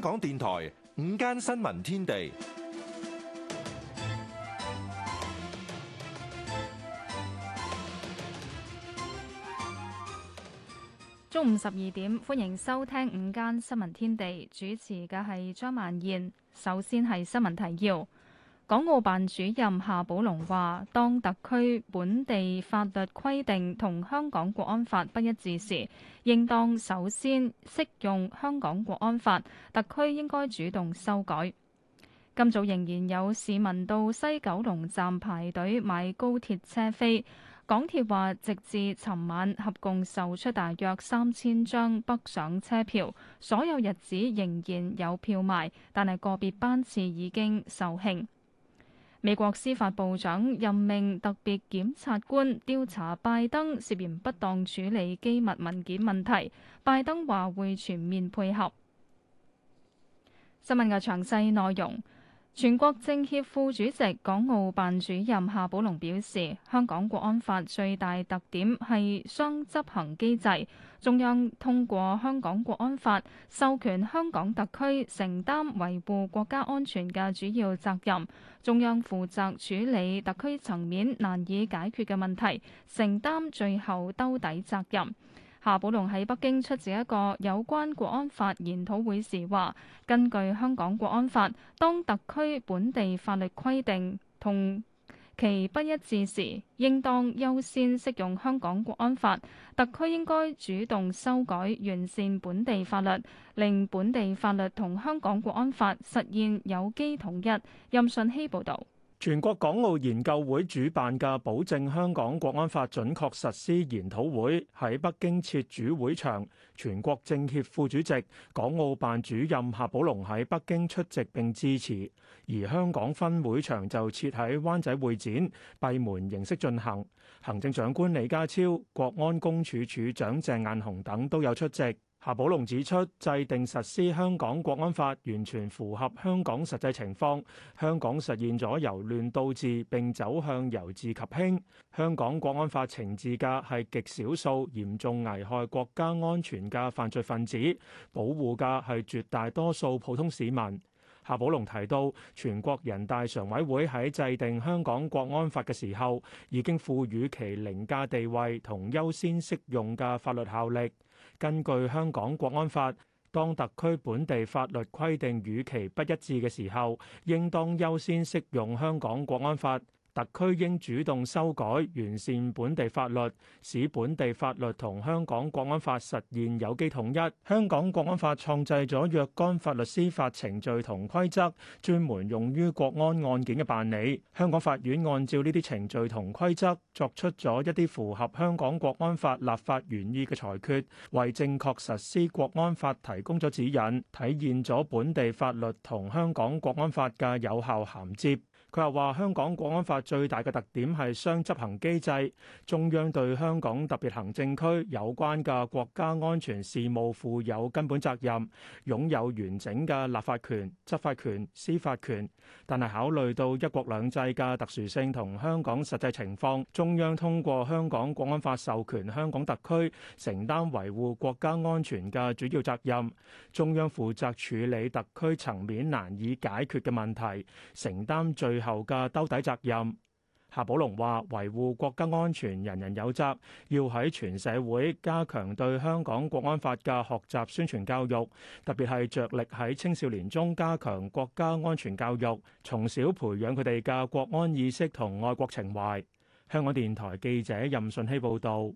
香港電台午間新聞天地，中午十二點，歡迎收聽午間新聞天地，主持嘅係張曼燕。首先係新聞提要。港澳辦主任夏寶龍話，當特區本地法律規定同香港國安法不一致時，應當首先適用香港國安法。特區應該主動修改。今早仍然有市民到西九龍站排隊買高鐵車飛。港鐵話，直至尋晚合共售出大約三千張北上車票，所有日子仍然有票賣，但係個別班次已經售罄。美國司法部長任命特別檢察官調查拜登涉嫌不當處理機密文件問題。拜登話會全面配合。新聞嘅詳細內容。全國政協副主席、港澳辦主任夏寶龍表示，香港國安法最大特點係雙執行機制，中央通過香港國安法授權香港特區承擔維護國家安全嘅主要責任，中央負責處理特區層面難以解決嘅問題，承擔最後兜底責任。夏寶龍喺北京出席一個有關國安法研討會時話：根據香港國安法，當特區本地法律規定同其不一致時，應當優先適用香港國安法。特區應該主動修改完善本地法律，令本地法律同香港國安法實現有機統一。任信希報道。全國港澳研究會主辦嘅保證香港國安法準確實施研討會喺北京設主會場，全國政協副主席、港澳辦主任夏寶龍喺北京出席並致辭，而香港分會場就設喺灣仔會展，閉門形式進行。行政長官李家超、國安公署署長鄭雁雄等都有出席。夏寶龍指出，制定實施香港國安法完全符合香港實際情況。香港實現咗由亂到治並走向由治及興。香港國安法懲治嘅係極少數嚴重危害國家安全嘅犯罪分子，保護嘅係絕大多數普通市民。夏寶龍提到，全國人大常委會喺制定香港國安法嘅時候，已經賦予其凌駕地位同優先適用嘅法律效力。根據香港國安法，當特區本地法律規定與其不一致嘅時候，應當優先適用香港國安法。特區應主動修改完善本地法律，使本地法律同香港國安法實現有機統一。香港國安法創制咗若干法律司法程序同規則，專門用於國安案件嘅辦理。香港法院按照呢啲程序同規則作出咗一啲符合香港國安法立法原意嘅裁決，為正確實施國安法提供咗指引，體現咗本地法律同香港國安法嘅有效銜接。佢又話：香港《國安法》最大嘅特點係雙執行機制，中央對香港特別行政區有關嘅國家安全事務負有根本責任，擁有完整嘅立法權、執法權、司法權。但係考慮到一國兩制嘅特殊性同香港實際情況，中央通過《香港國安法》授權香港特區承擔維護國家安全嘅主要責任，中央負責處理特區層面難以解決嘅問題，承擔最後嘅兜底責任。夏寶龍話：維護國家安全，人人有責，要喺全社會加強對香港國安法嘅學習宣傳教育，特別係着力喺青少年中加強國家安全教育，從小培養佢哋嘅國安意識同愛國情懷。香港電台記者任順希報道。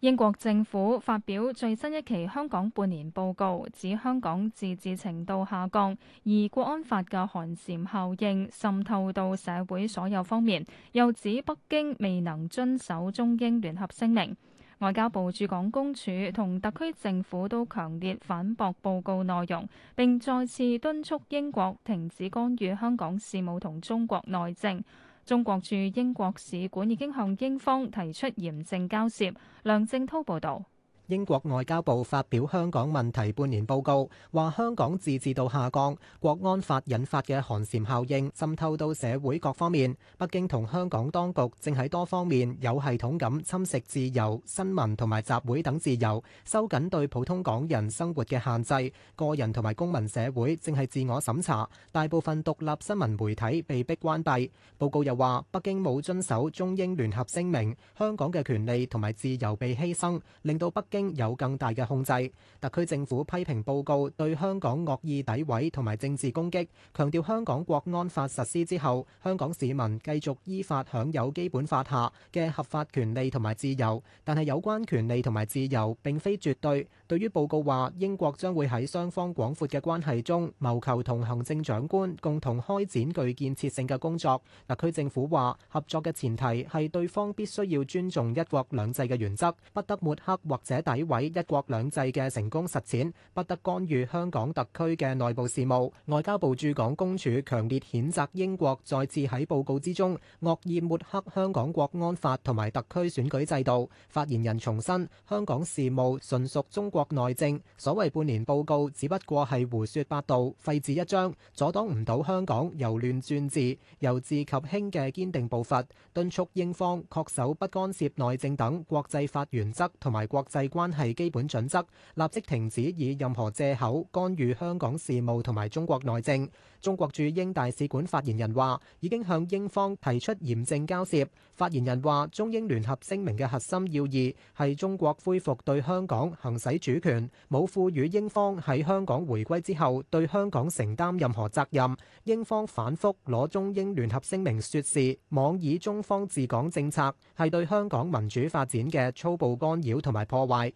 英國政府發表最新一期香港半年報告，指香港自治程度下降，而國安法嘅寒蟬效應滲透到社會所有方面，又指北京未能遵守中英聯合聲明。外交部駐港公署同特區政府都強烈反駁報告內容，並再次敦促英國停止干預香港事務同中國內政。中國駐英國使館已經向英方提出嚴正交涉。梁正濤報道。英國外交部發表香港問題半年報告，話香港自治度下降，國安法引發嘅寒蟬效應滲透到社會各方面。北京同香港當局正喺多方面有系統咁侵蝕自由、新聞同埋集會等自由，收緊對普通港人生活嘅限制。個人同埋公民社會正喺自我審查，大部分獨立新聞媒體被逼關閉。報告又話，北京冇遵守中英聯合聲明，香港嘅權利同埋自由被犧牲，令到北京有更大嘅控制，特區政府批評報告對香港惡意詆毀同埋政治攻擊，強調香港國安法實施之後，香港市民繼續依法享有基本法下嘅合法權利同埋自由，但係有關權利同埋自由並非絕對。對於報告話英國將會喺雙方廣闊嘅關係中謀求同行政長官共同開展具建設性嘅工作，特區政府話合作嘅前提係對方必須要尊重一國兩制嘅原則，不得抹黑或者。詆毀一國兩制嘅成功實踐，不得干預香港特區嘅內部事務。外交部駐港公署強烈譴責英國再次喺報告之中惡意抹黑香港國安法同埋特區選舉制度。發言人重申，香港事務純屬中國內政，所謂半年報告只不過係胡說八道、廢紙一張，阻擋唔到香港由亂轉治、由治及興嘅堅定步伐，敦促英方恪守不干涉內政等國際法原則同埋國際關係基本準則，立即停止以任何借口干預香港事務同埋中國內政。中國駐英大使館發言人話：已經向英方提出嚴正交涉。發言人話：中英聯合聲明嘅核心要義係中國恢復對香港行使主權，冇賦予英方喺香港回歸之後對香港承擔任何責任。英方反覆攞中英聯合聲明説事，妄以中方治港政策係對香港民主發展嘅粗暴干擾同埋破壞。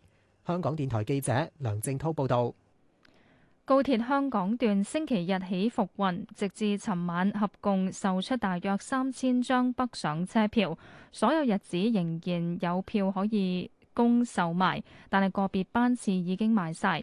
香港電台記者梁正滔報導。高鐵香港段星期日起復運，直至尋晚合共售出大約三千張北上車票，所有日子仍然有票可以供售賣，但係個別班次已經賣晒。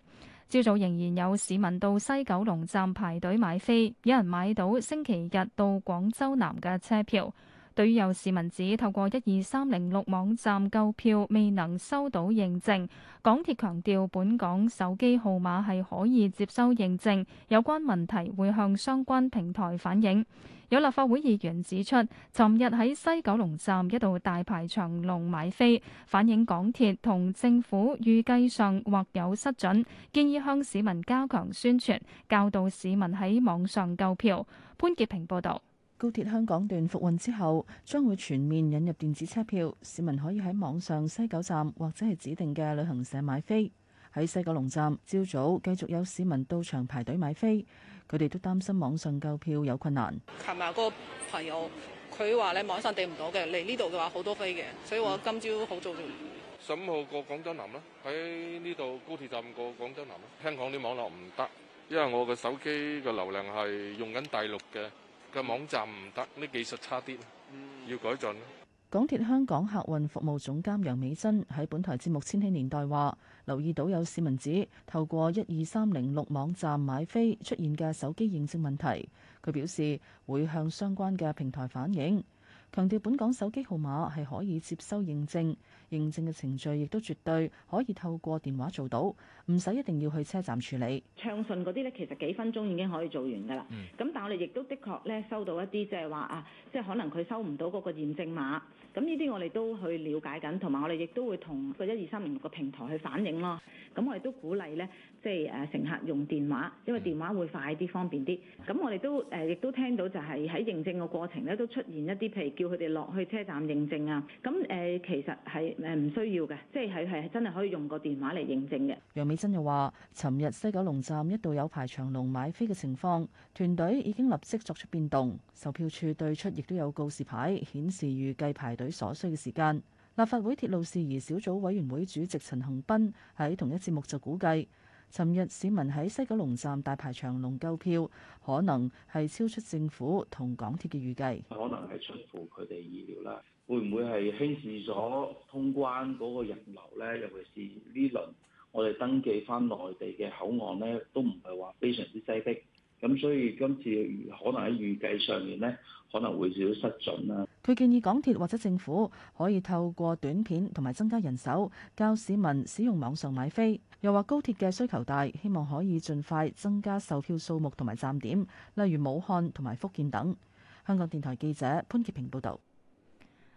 朝早仍然有市民到西九龍站排隊買飛，有人買到星期日到廣州南嘅車票。對於有市民指透過一二三零六網站購票未能收到認證，港鐵強調本港手機號碼係可以接收認證，有關問題會向相關平台反映。有立法會議員指出，尋日喺西九龍站一度大排長龍買飛，反映港鐵同政府預計上或有失準，建議向市民加強宣傳，教導市民喺網上購票。潘潔平報導。高鐵香港段復運之後，將會全面引入電子車票，市民可以喺網上西九站或者係指定嘅旅行社買飛。喺西九龍站，朝早繼續有市民到場排隊買飛，佢哋都擔心網上購票有困難。琴日個朋友佢話你網上訂唔到嘅，嚟呢度嘅話好多飛嘅，所以我今朝好早就十五號過廣州南啦，喺呢度高鐵站過廣州南啦。香港啲網絡唔得，因為我嘅手機嘅流量係用緊大陸嘅。嘅網站唔得，呢技術差啲，要改進。港鐵香港客運服務總監楊美珍喺本台節目《千禧年代》話，留意到有市民指透過一二三零六網站買飛出現嘅手機認證問題，佢表示會向相關嘅平台反映，強調本港手機號碼係可以接收認證。認證嘅程序亦都絕對可以透過電話做到，唔使一定要去車站處理。暢順嗰啲咧，其實幾分鐘已經可以做完㗎啦。咁、嗯、但係我哋亦都的確咧收到一啲即係話啊，即係可能佢收唔到嗰個驗證碼。咁呢啲我哋都去了解緊，同埋我哋亦都會同個一二三零六個平台去反映咯。咁我哋都鼓勵咧，即係誒乘客用電話，因為電話會快啲方便啲。咁我哋都誒亦、呃、都聽到就係喺認證嘅過程咧都出現一啲，譬如叫佢哋落去車站認證啊。咁誒、呃、其實係誒唔需要嘅，即係係係真係可以用個電話嚟認證嘅。楊美珍又話，尋日西九龍站一度有排長龍買飛嘅情況，團隊已經立即作出變動，售票處對出亦都有告示牌顯示預計排所需嘅時間。立法會鐵路事宜小組委員會主席陳恒鑌喺同一節目就估計，尋日市民喺西九龍站大排長龍購票，可能係超出政府同港鐵嘅預計，可能係出乎佢哋意料啦。會唔會係輕視咗通關嗰個人流咧？尤其是呢輪我哋登記翻內地嘅口岸咧，都唔係話非常之擠逼，咁所以今次可能喺預計上面咧，可能會少失準啦。佢建議港鐵或者政府可以透過短片同埋增加人手，教市民使用網上買飛。又話高鐵嘅需求大，希望可以盡快增加售票數目同埋站點，例如武漢同埋福建等。香港電台記者潘潔平報導。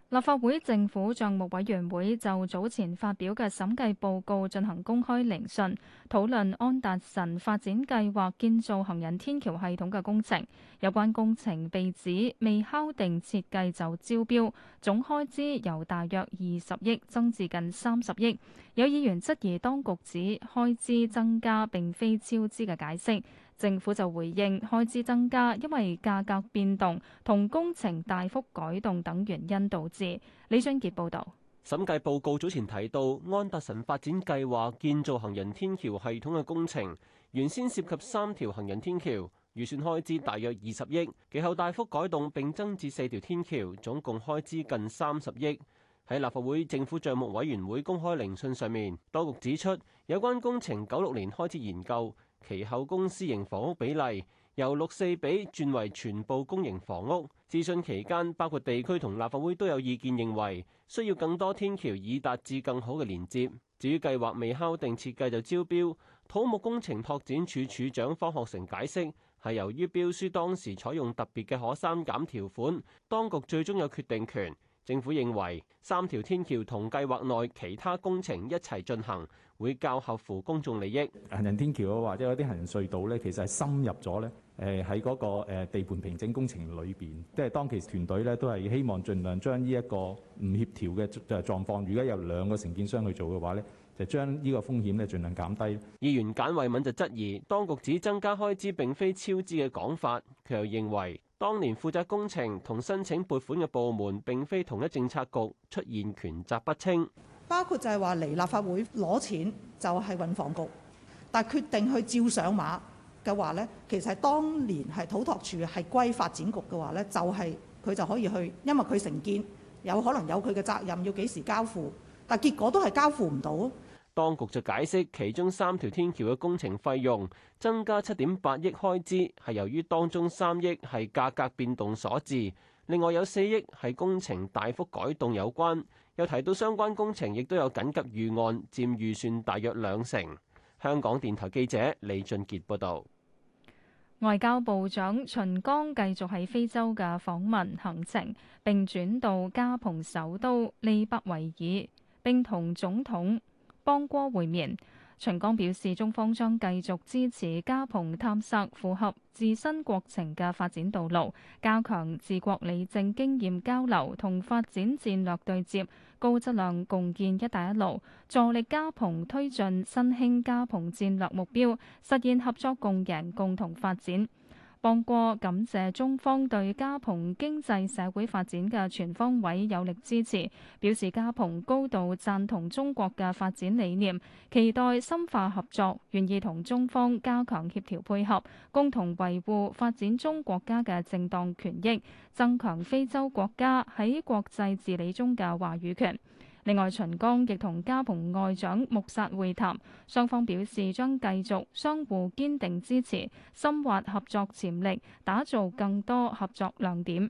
立法會政府賬目委員會就早前發表嘅審計報告進行公開聆訊，討論安達臣發展計劃建造行人天橋系統嘅工程。有關工程被指未敲定設計就招標，總開支由大約二十億增至近三十億。有議員質疑當局指開支增加並非超支嘅解釋。政府就回應開支增加，因為價格變動、同工程大幅改動等原因導致。李俊杰報道，審計報告早前提到安達臣發展計劃建造行人天橋系統嘅工程，原先涉及三條行人天橋，預算開支大約二十億，其後大幅改動，並增至四條天橋，總共開支近三十億。喺立法會政府賬目委員會公開聆訊上面，當局指出有關工程九六年開始研究。其後公私營房屋比例由六四比轉為全部公營房屋。諮詢期間，包括地區同立法會都有意見認為需要更多天橋以達至更好嘅連接。至於計劃未敲定設計就招標，土木工程拓展處處長方學成解釋係由於標書當時採用特別嘅可刪減條款，當局最終有決定權。政府認為三條天橋同計劃內其他工程一齊進行，會較合乎公眾利益。行人天橋啊，或者有啲行人隧道咧，其實係深入咗咧。誒喺嗰個地盤平整工程裏邊，即係當其團隊咧都係希望儘量將呢一個唔協調嘅就係狀況。如果有兩個承建商去做嘅話咧，就將呢個風險咧儘量減低。議員簡慧敏就質疑，當局只增加開支並非超支嘅講法，佢又認為。當年負責工程同申請撥款嘅部門並非同一政策局，出現權責不清。包括就係話嚟，立法會攞錢就係運房局，但係決定去照上馬嘅話呢，其實當年係土托處係歸發展局嘅話呢，就係、是、佢就可以去，因為佢承建有可能有佢嘅責任要幾時交付，但係結果都係交付唔到。當局就解釋，其中三條天橋嘅工程費用增加七點八億開支，係由於當中三億係價格變動所致，另外有四億係工程大幅改動有關。又提到相關工程亦都有緊急預案，佔預算大約兩成。香港電台記者李俊傑報導。外交部長秦剛繼續喺非洲嘅訪問行程，並轉到加蓬首都利伯維爾，並同總統邦哥會面，秦剛表示，中方將繼續支持加蓬探索符合自身國情嘅發展道路，加強治國理政經驗交流同發展戰略對接，高質量共建“一帶一路”，助力加蓬推進新興加蓬戰略目標，實現合作共贏、共同發展。邦戈感謝中方對加蓬經濟社會發展嘅全方位有力支持，表示加蓬高度贊同中國嘅發展理念，期待深化合作，願意同中方加強協調配合，共同維護發展中國家嘅正當權益，增強非洲國家喺國際治理中嘅話語權。另外，秦剛亦同加蓬外長穆薩會談，雙方表示將繼續相互堅定支持，深挖合作潛力，打造更多合作亮點。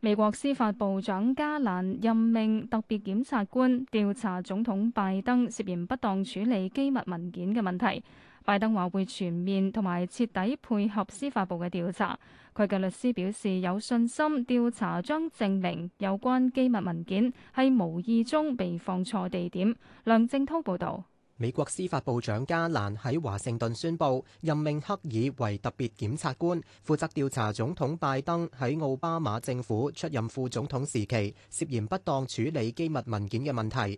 美國司法部長加蘭任命特別檢察官調查總統拜登涉嫌不當處理機密文件嘅問題。拜登話會全面同埋徹底配合司法部嘅調查。佢嘅律師表示有信心，調查將證明有關機密文件係無意中被放錯地點。梁正濤報導。美國司法部長加蘭喺華盛頓宣布任命克爾為特別檢察官負責調查總統拜登喺奧巴馬政府出任副總統時期涉嫌不當處理機密文件嘅問題。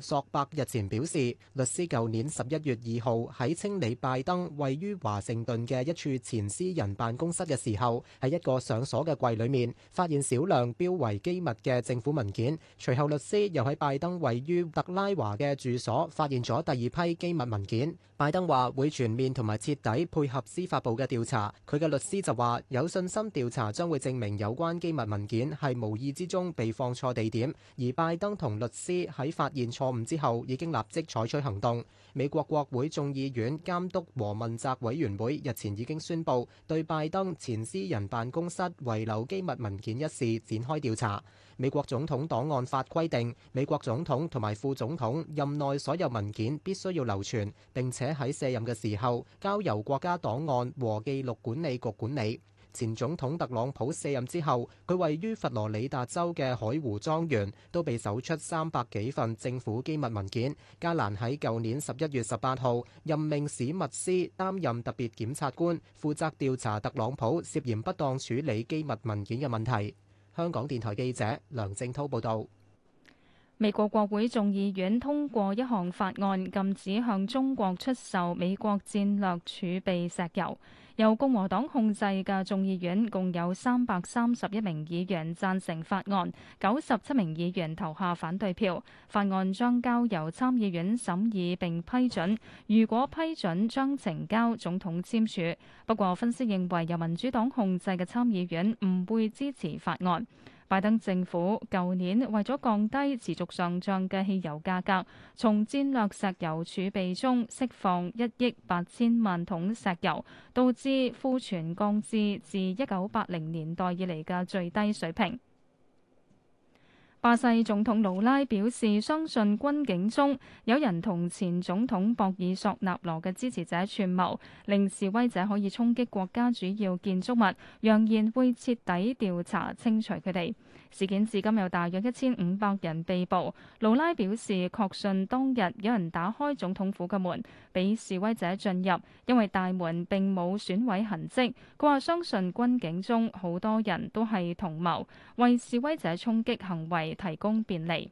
索伯日前表示，律師舊年十一月二號喺清理拜登位於華盛頓嘅一處前私人辦公室嘅時候，喺一個上鎖嘅櫃裏面發現少量標為機密嘅政府文件。隨後，律師又喺拜登位於特拉華嘅住所發現咗第二批機密文件。拜登話會全面同埋徹底配合司法部嘅調查。佢嘅律師就話有信心調查將會證明有關機密文件係無意之中被放錯地點。而拜登同律師喺發現錯誤之後已經立即採取行動。美國國會眾議院監督和問責委員會日前已經宣布對拜登前私人辦公室遺留機密文件一事展開調查。美國總統檔案法規定，美國總統同埋副總統任內所有文件必須要留存，並且喺卸任嘅時候交由國家檔案和記錄管理局管理。前總統特朗普卸任之後，佢位於佛羅里達州嘅海湖莊園都被搜出三百幾份政府機密文件。加蘭喺舊年十一月十八號任命史密斯擔任特別檢察官，負責調查特朗普涉嫌不當處理機密文件嘅問題。香港電台記者梁正滔報導。美國國會眾議院通過一項法案，禁止向中國出售美國戰略儲備石油。由共和黨控制嘅眾議院共有三百三十一名議員贊成法案，九十七名議員投下反對票。法案將交由參議院審議並批准，如果批准，將呈交總統簽署。不過，分析認為由民主黨控制嘅參議院唔會支持法案。拜登政府舊年為咗降低持續上漲嘅汽油價格，從戰略石油儲備中釋放一億八千萬桶石油，導致庫存降至自一九八零年代以嚟嘅最低水平。巴西總統盧拉表示，相信軍警中有人同前總統博爾索納羅嘅支持者串謀，令示威者可以衝擊國家主要建築物，揚言會徹底調查清除佢哋。事件至今有大約一千五百人被捕。盧拉表示確信當日有人打開總統府嘅門，俾示威者進入，因為大門並冇損毀痕跡。佢話相信軍警中好多人都係同謀，為示威者衝擊行為提供便利。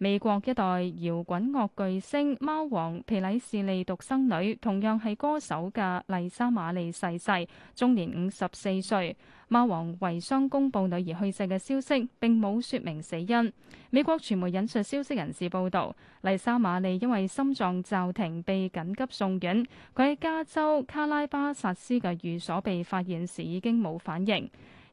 美國一代搖滾樂巨星貓王皮禮士利獨生女，同樣係歌手嘅麗莎瑪利逝世，終年五十四歲。貓王遺孀公佈女兒去世嘅消息，並冇說明死因。美國傳媒引述消息人士報導，麗莎瑪利因為心臟驟停被緊急送院，佢喺加州卡拉巴薩斯嘅寓所被發現時已經冇反應。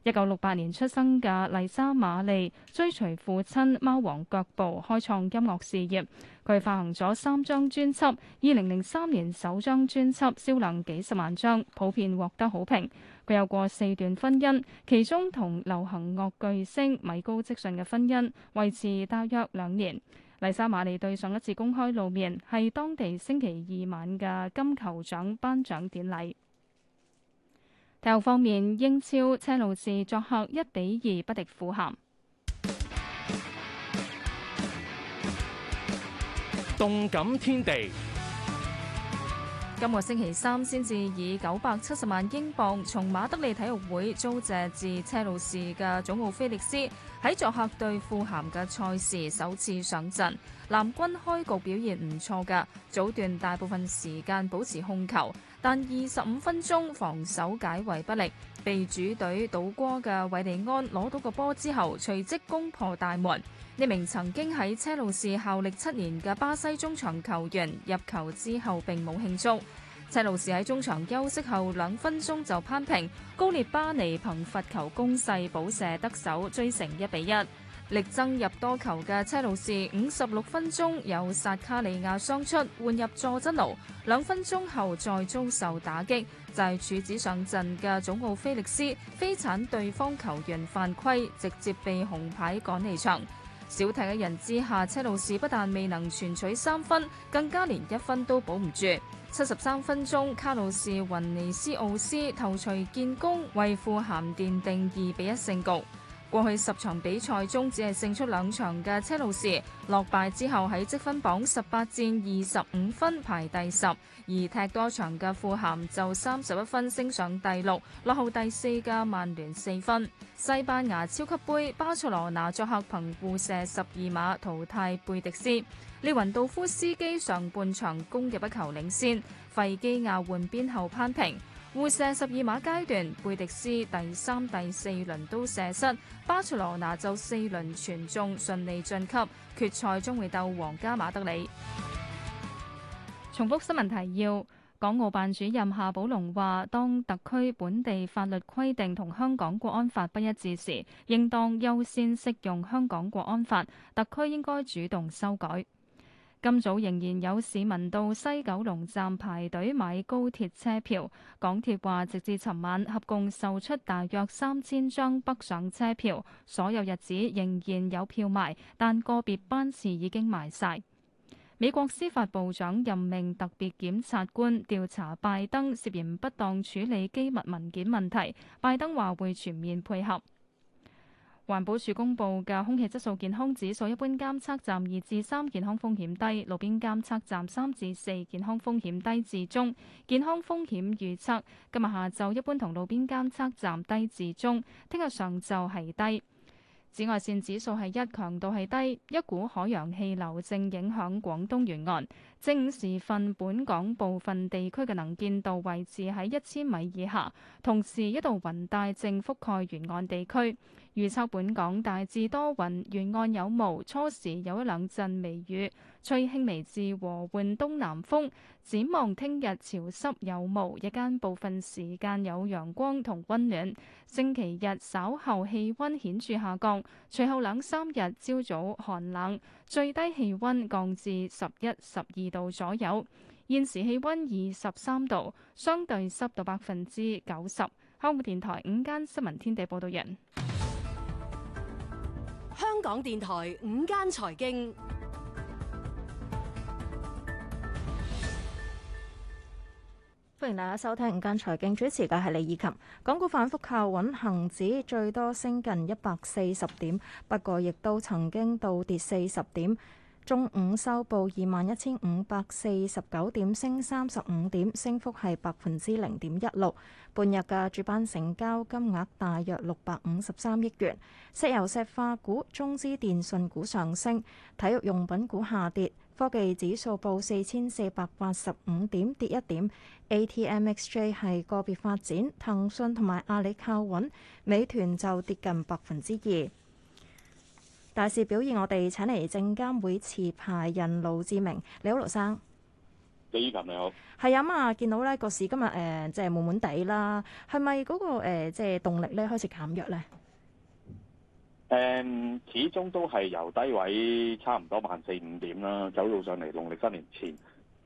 一九六八年出生嘅麗莎瑪麗，追隨父親貓王腳步開創音樂事業。佢發行咗三張專輯，二零零三年首張專輯銷量幾十萬張，普遍獲得好評。佢有過四段婚姻，其中同流行樂巨星米高積遜嘅婚姻維持大約兩年。麗莎瑪麗對上一次公開露面係當地星期二晚嘅金球獎頒獎典禮。體育方面，英超車路士作客一比二不敵富咸。動感天地，今個星期三先至以九百七十萬英鎊從馬德里體育會租借至車路士嘅祖奧菲利斯，喺作客對富咸嘅賽事首次上陣。藍軍開局表現唔錯㗎，早段大部分時間保持控球。但二十五分鐘防守解圍不力，被主隊倒戈嘅韋利安攞到個波之後，隨即攻破大門。呢名曾經喺車路士效力七年嘅巴西中場球員入球之後並冇慶祝。車路士喺中場休息後兩分鐘就攀平，高列巴尼憑罰球攻勢補射得手，追成一比一。力爭入多球嘅車路士，五十六分鐘由薩卡里亞傷出，換入佐真奴，兩分鐘後再遭受打擊，就係處子上陣嘅祖奧菲力斯，飛鏟對方球員犯規，直接被紅牌趕離場。少踢嘅人之下，車路士不但未能全取三分，更加連一分都保唔住。七十三分鐘，卡路士雲尼斯奧斯頭槌建功，為富咸奠定二比一勝局。過去十場比賽中只係勝出兩場嘅車路士落敗之後，喺積分榜十八戰二十五分排第十，而踢多場嘅富咸就三十一分升上第六，落後第四嘅曼聯四分。西班牙超級杯，巴塞羅那作客憑互射十二碼淘汰貝迪斯，列雲道夫斯基上半場攻入一球領先，費基亞換邊後攀平。互射十二碼階段，貝迪斯第三、第四輪都射失，巴塞羅那就四輪全中，順利晉級，決賽將會鬥皇家馬德里。重複新聞提要，港澳辦主任夏寶龍話，當特區本地法律規定同香港國安法不一致時，應當優先適用香港國安法，特區應該主動修改。今早仍然有市民到西九龍站排隊買高鐵車票。港鐵話，直至尋晚合共售出大約三千張北上車票，所有日子仍然有票賣，但個別班次已經賣曬。美國司法部長任命特別檢察官調查拜登涉嫌不當處理機密文件問題，拜登話會全面配合。環保署公布嘅空氣質素健康指數，一般監測站二至三，健康風險低；路邊監測站三至四，健康風險低至中。健康風險預測今日下晝一般同路邊監測站低至中，聽日上晝係低。紫外線指數係一，強度係低。一股海洋氣流正影響廣東沿岸，正午時分本港部分地區嘅能見度位置喺一千米以下，同時一道雲帶正覆蓋沿岸地區。預測本港大致多雲，沿岸有霧，初時有一兩陣微雨，吹輕微至和緩東南風。展望聽日潮濕有霧，日間部分時間有陽光同溫暖。星期日稍後氣溫顯著下降，隨後兩三日朝早寒冷，最低氣溫降至十一、十二度左右。現時氣溫二十三度，相對濕度百分之九十。香港電台午間新聞天地報道人。香港電台午間財經，歡迎大家收聽午間財經，主持嘅係李以琴。港股反復靠穩，恒指最多升近一百四十點，不過亦都曾經倒跌四十點。中午收報二萬一千五百四十九點，升三十五點，升幅係百分之零點一六。半日嘅主板成交金額大約六百五十三億元。石油石化股、中資電信股上升，體育用品股下跌。科技指數報四千四百八十五點，跌一點。ATMXJ 係個別發展，騰訊同埋阿里靠穩，美團就跌近百分之二。大市表現，我，我哋請嚟證監會持牌人盧志明，你好，盧生。李以琴你好。係啊，咁啊，見到咧個市今日誒，即、呃、係、就係、悶悶地啦。係咪嗰個即係、呃就係、動力咧開始減弱咧？誒、嗯，始終都係由低位差唔多萬四五點啦，走到上嚟農曆新年前，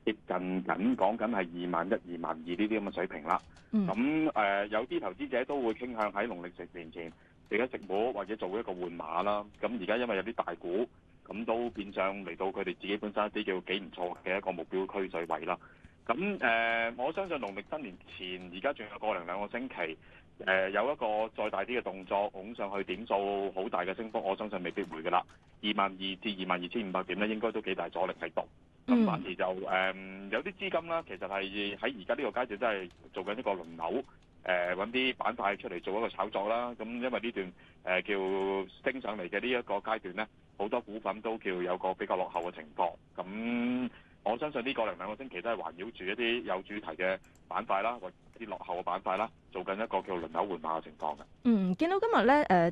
接近緊，講緊係二萬一、二萬二呢啲咁嘅水平啦。咁誒、嗯呃，有啲投資者都會傾向喺農曆新年前。而家直模或者做一個換碼啦，咁而家因為有啲大股，咁都變相嚟到佢哋自己本身一啲叫幾唔錯嘅一個目標區水位啦。咁誒、呃，我相信農曆新年前，而家仲有過零兩個星期，誒、呃、有一個再大啲嘅動作拱上去，點做好大嘅升幅？我相信未必會噶啦。二萬二至二萬二千五百點咧，應該都幾大阻力喺度。咁反而就誒、呃、有啲資金啦，其實係喺而家呢個階段真係做緊一個輪流。誒揾啲板塊出嚟做一個炒作啦，咁、嗯、因為呢段誒、呃、叫升上嚟嘅呢一個階段咧，好多股份都叫有個比較落後嘅情況。咁、嗯、我相信呢個零兩,兩個星期都係環繞住一啲有主題嘅板塊啦，或啲落後嘅板塊啦，做緊一個叫輪流換馬嘅情況嘅。嗯，見到今日咧誒啲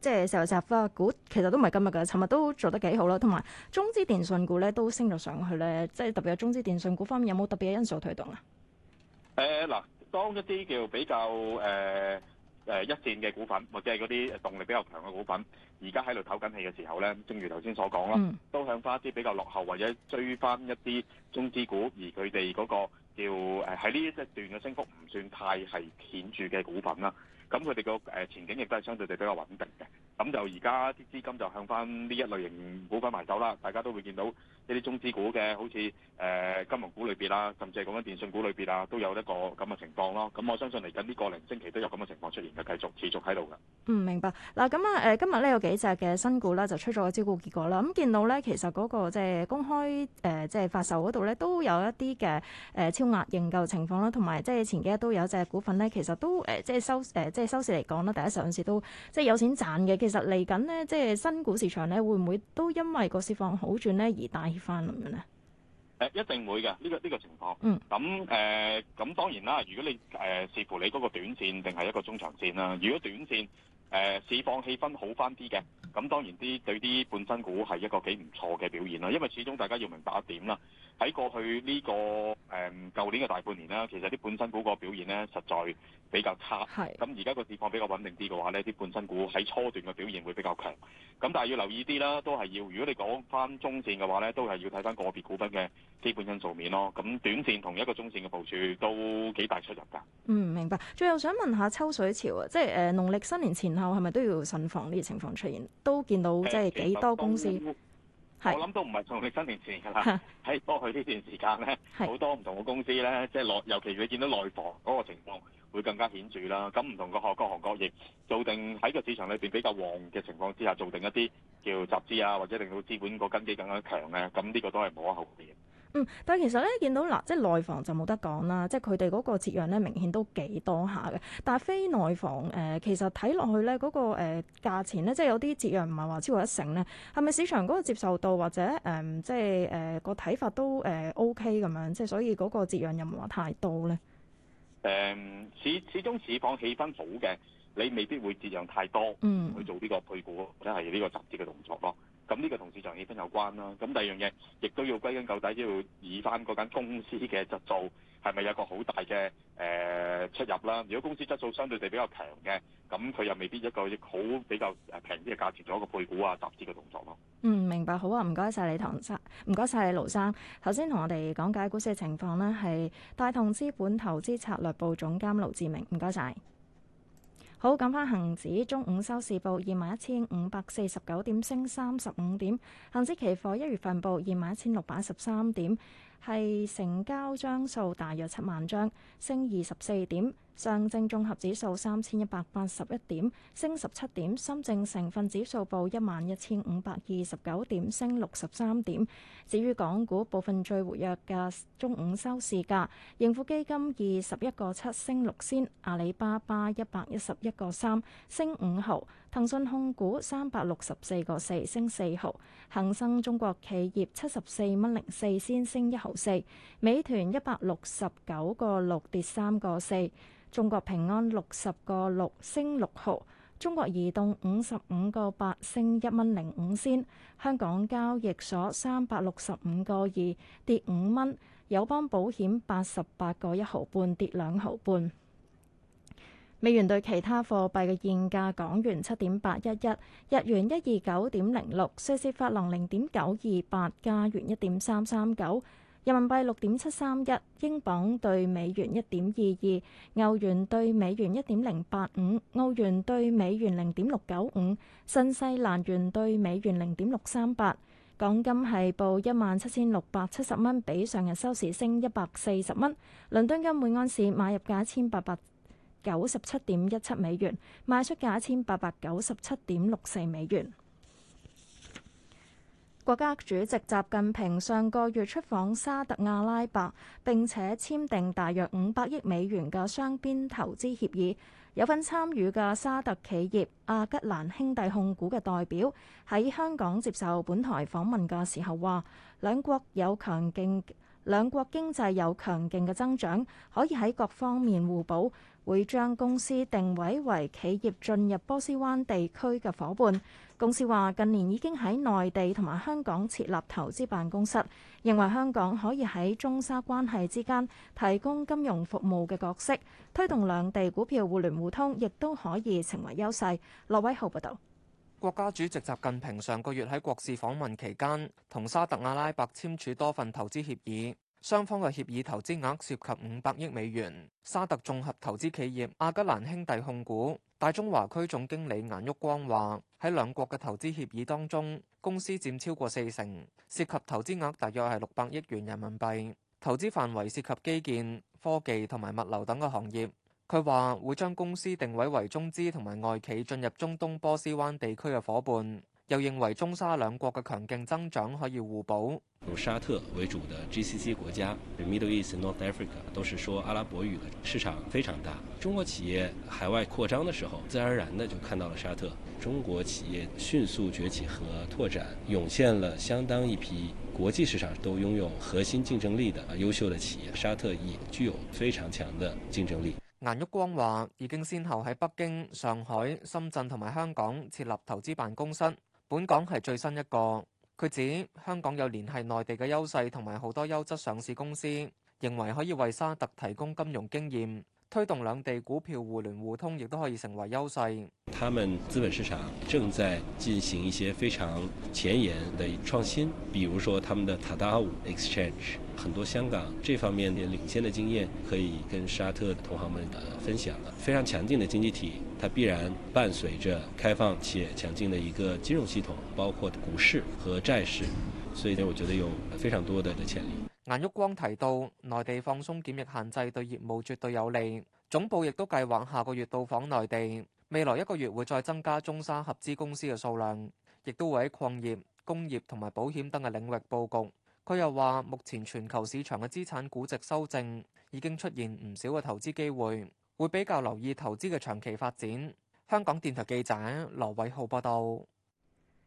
即係石油石化股其實都唔係今日嘅，尋日都做得幾好啦，同埋中資電信股咧都升咗上去咧，即係特別係中資電信股方面有冇特別嘅因素推動啊？誒嗱、呃。當一啲叫比較誒誒、呃呃、一線嘅股份，或者係嗰啲動力比較強嘅股份，而家喺度唞緊氣嘅時候呢，正如頭先所講啦，嗯、都向翻一啲比較落後或者追翻一啲中資股，而佢哋嗰個叫誒喺呢一段嘅升幅唔算太係顯著嘅股份啦。咁佢哋個誒前景亦都係相對地比較穩定嘅。咁就而家啲資金就向翻呢一類型股份埋手啦。大家都會見到。呢啲中資股嘅，好似誒、呃、金融股裏邊啦，甚至係講緊電信股裏邊啦，都有一個咁嘅情況咯。咁我相信嚟緊呢個零星期都有咁嘅情況出現嘅，繼續持續喺度嘅。嗯，明白。嗱咁啊誒，今日咧有幾隻嘅新股啦，就出咗個招股結果啦。咁、嗯、見到咧，其實嗰、那個即係、就是、公開誒、呃、即係發售嗰度咧，都有一啲嘅誒超額認購情況啦，同埋即係前幾日都有隻股份咧，其實都誒、呃、即係收誒、呃、即係收市嚟講啦，第一上市都即係有錢賺嘅。其實嚟緊呢，即係新股市場咧，會唔會都因為個市況好轉呢而大翻咁樣咧，誒，一定會嘅呢個呢個情況。咁誒、嗯，咁、呃、當然啦，如果你誒、呃、視乎你嗰個短線定係一個中長線啦。如果短線，誒，市況氣氛好翻啲嘅，咁當然啲對啲半新股係一個幾唔錯嘅表現啦。因為始終大家要明白一點啦，喺過去呢個誒舊年嘅大半年啦，其實啲半新股個表現咧實在比較差。係。咁而家個市況比較穩定啲嘅話咧，啲半新股喺初段嘅表現會比較強。咁但係要留意啲啦，都係要如果你講翻中線嘅話咧，都係要睇翻個別股份嘅基本因素面咯。咁短線同一個中線嘅部署都幾大出入㗎。嗯，明白。最後想問下抽水潮啊，即係誒、呃、農曆新年前。然後係咪都要慎防呢啲情況出現？都見到即係幾多公司，係司我諗都唔係從你新年前㗎啦。喺是過去呢段時間咧，好是多唔同嘅公司咧，即係內，尤其你見到內房嗰個情況會更加顯著啦。咁唔同嘅各行各業做定喺個市場裏邊比較旺嘅情況之下，做定一啲叫集資啊，或者令到資本個根基更加強咧，咁呢個都係冇可厚非。嗯，但係其實咧，見到嗱，即係內房就冇得講啦，即係佢哋嗰個折讓咧，明顯都幾多下嘅。但係非內房誒、呃，其實睇落去咧，嗰、那個誒、呃、價錢咧，即係有啲折讓，唔係話超過一成咧，係咪市場嗰個接受度，或者誒、嗯、即係誒個睇法都誒、呃、OK 咁樣，即係所以嗰個折讓又唔話太多咧。誒、嗯，始始終市況氣氛好嘅，你未必會折讓太多，嗯，會做呢個配股或者係呢個集資嘅動作咯。咁呢個同市場氣氛有關啦。咁第二樣嘢，亦都要歸根究底，要以翻嗰間公司嘅質素係咪有個好大嘅誒、呃、出入啦。如果公司質素相對地比較強嘅，咁佢又未必一個好比較平啲嘅價錢做一個配股啊集資嘅動作咯。嗯，明白。好啊，唔該晒你，唐生，唔該曬你，盧生。頭先同我哋講解股市嘅情況咧，係大同資本投資策略部總監盧志明，唔該晒。.好，咁翻恒指，中午收市報二萬一千五百四十九點，升三十五點。恒指期貨一月份報二萬一千六百十三點。係成交張數大約七萬張，升二十四點。上證綜合指數三千一百八十一點，升十七點。深證成分指數報一萬一千五百二十九點，升六十三點。至於港股部分最活躍嘅中午收市價，盈富基金二十一個七升六仙，阿里巴巴一百一十一個三升五毫。騰訊控股三百六十四個四升四毫，恒生中國企業七十四蚊零四先升一毫四，美團一百六十九個六跌三個四，中國平安六十個六升六毫，中國移動五十五個八升一蚊零五先，香港交易所三百六十五個二跌五蚊，友邦保險八十八個一毫半跌兩毫半。美元對其他貨幣嘅現價：港元七點八一一，日元一二九點零六，瑞士法郎零點九二八，加元一點三三九，人民幣六點七三一，英鎊對美元一點二二，歐元對美元一點零八五，澳元對美元零點六九五，新西蘭元對美元零點六三八。港金係報一萬七千六百七十蚊，比上日收市升一百四十蚊。倫敦金每安士買入價一千八百九十七點一七美元，賣出價一千八百九十七點六四美元。國家主席習近平上個月出訪沙特阿拉伯，並且簽訂大約五百億美元嘅雙邊投資協議。有份參與嘅沙特企業阿吉蘭兄弟控股嘅代表喺香港接受本台訪問嘅時候話，兩國有強勁。兩國經濟有強勁嘅增長，可以喺各方面互補，會將公司定位為企業進入波斯灣地區嘅伙伴。公司話近年已經喺內地同埋香港設立投資辦公室，認為香港可以喺中沙關係之間提供金融服務嘅角色，推動兩地股票互聯互通，亦都可以成為優勢。羅偉浩報道。國家主席習近平上個月喺國事訪問期間，同沙特阿拉伯簽署多份投資協議，雙方嘅協議投資額涉及五百億美元。沙特綜合投資企業阿吉蘭兄弟控股大中華區總經理顏旭光話：喺兩國嘅投資協議當中，公司佔超過四成，涉及投資額大約係六百億元人民幣，投資範圍涉及基建、科技同埋物流等嘅行業。佢話會將公司定位為中資同埋外企進入中東波斯灣地區嘅伙伴，又認為中沙兩國嘅強勁增長可以互補。以沙特為主的 GCC 國家，The Middle East North Africa 都是說阿拉伯語，市場非常大。中國企業海外擴張的時候，自然而然地就看到了沙特。中國企業迅速崛起和拓展，湧現了相當一批國際市場都擁有核心競爭力的優秀的企業。沙特也、e，具有非常強的競爭力。顏旭光話：已經先後喺北京、上海、深圳同埋香港設立投資辦公室，本港係最新一個。佢指香港有聯繫內地嘅優勢，同埋好多優質上市公司，認為可以為沙特提供金融經驗。推動兩地股票互聯互通，也都可以成為優勢。他們資本市場正在進行一些非常前沿的創新，比如說他們的 Tadawul Exchange，很多香港這方面的領先的經驗可以跟沙特同行們呃分享了。非常強勁的經濟體，它必然伴隨着開放且強勁的一個金融系統，包括股市和債市，所以呢，我覺得有非常多的的潛力。顏旭光提到，內地放鬆檢疫限制對業務絕對有利，總部亦都計劃下個月到訪內地，未來一個月會再增加中山合資公司嘅數量，亦都會喺礦業、工業同埋保險等嘅領域佈局。佢又話，目前全球市場嘅資產估值修正已經出現唔少嘅投資機會，會比較留意投資嘅長期發展。香港電台記者羅偉浩報道。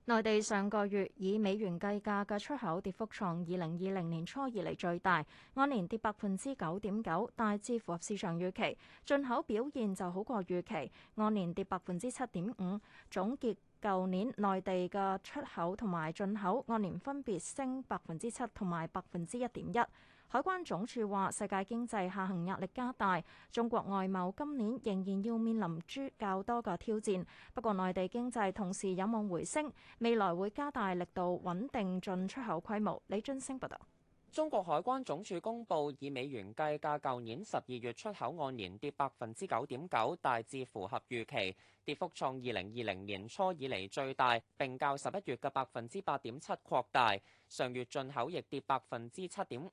內地上個月以美元計價嘅出口跌幅創二零二零年初以嚟最大，按年跌百分之九點九，大致符合市場預期。進口表現就好過預期，按年跌百分之七點五。總結舊年內地嘅出口同埋進口按年分別升百分之七同埋百分之一點一。海關總署話，世界經濟下行壓力加大，中國外貿今年仍然要面臨諸較多嘅挑戰。不過內地經濟同時有望回升，未來會加大力度穩定進出口規模。李津升報道。中國海關總署公布以美元計價，舊年十二月出口按年跌百分之九點九，大致符合預期。跌幅創二零二零年初以嚟最大，並較十一月嘅百分之八點七擴大。上月進口亦跌百分之七點五，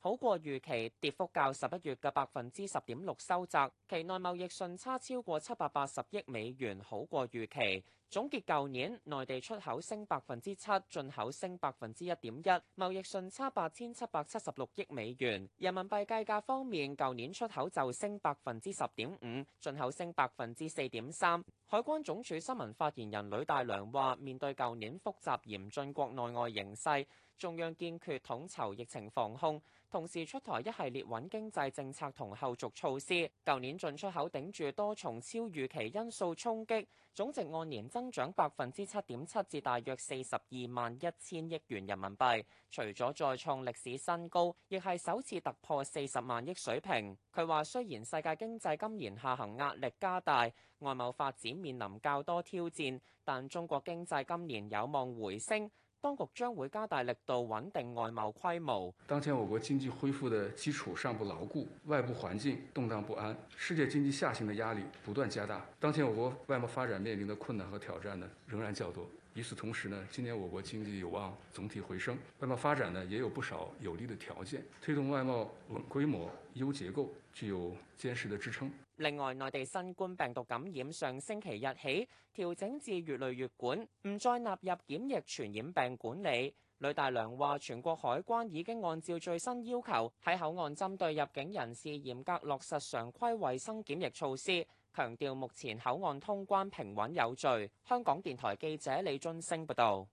好過預期，跌幅較十一月嘅百分之十點六收窄。期內貿易順差超過七百八十億美元，好過預期。總結舊年，內地出口升百分之七，進口升百分之一點一，貿易順差八千七百七十六億美元。人民幣計價方面，舊年出口就升百分之十點五，進口升百分之四點三。海關總署新聞發言人呂大良話，面對舊年複雜嚴峻國內外形勢，中央堅決統籌疫情防控。同時出台一系列穩經濟政策同後續措施。舊年進出口頂住多重超預期因素衝擊，總值按年增長百分之七點七，至大約四十二萬一千億元人民幣，除咗再創歷史新高，亦係首次突破四十萬億水平。佢話，雖然世界經濟今年下行壓力加大，外貿發展面臨較多挑戰，但中國經濟今年有望回升。當局將會加大力度穩定外貿規模。當前我國經濟恢復的基礎尚不牢固，外部環境動盪不安，世界經濟下行的壓力不斷加大。當前我國外貿發展面臨的困難和挑戰呢，仍然較多。與此同時呢，今年我國經濟有望總體回升，外貿發展呢也有不少有利的條件，推動外貿穩規模、優結構，具有堅實的支撐。另外，內地新冠病毒感染上星期日起調整至乙類乙管，唔再納入檢疫傳染病管理。呂大良話：全國海關已經按照最新要求喺口岸針對入境人士嚴格落實常規衛生檢疫措施。強調目前口岸通關平穩有序，香港電台記者李俊升報道。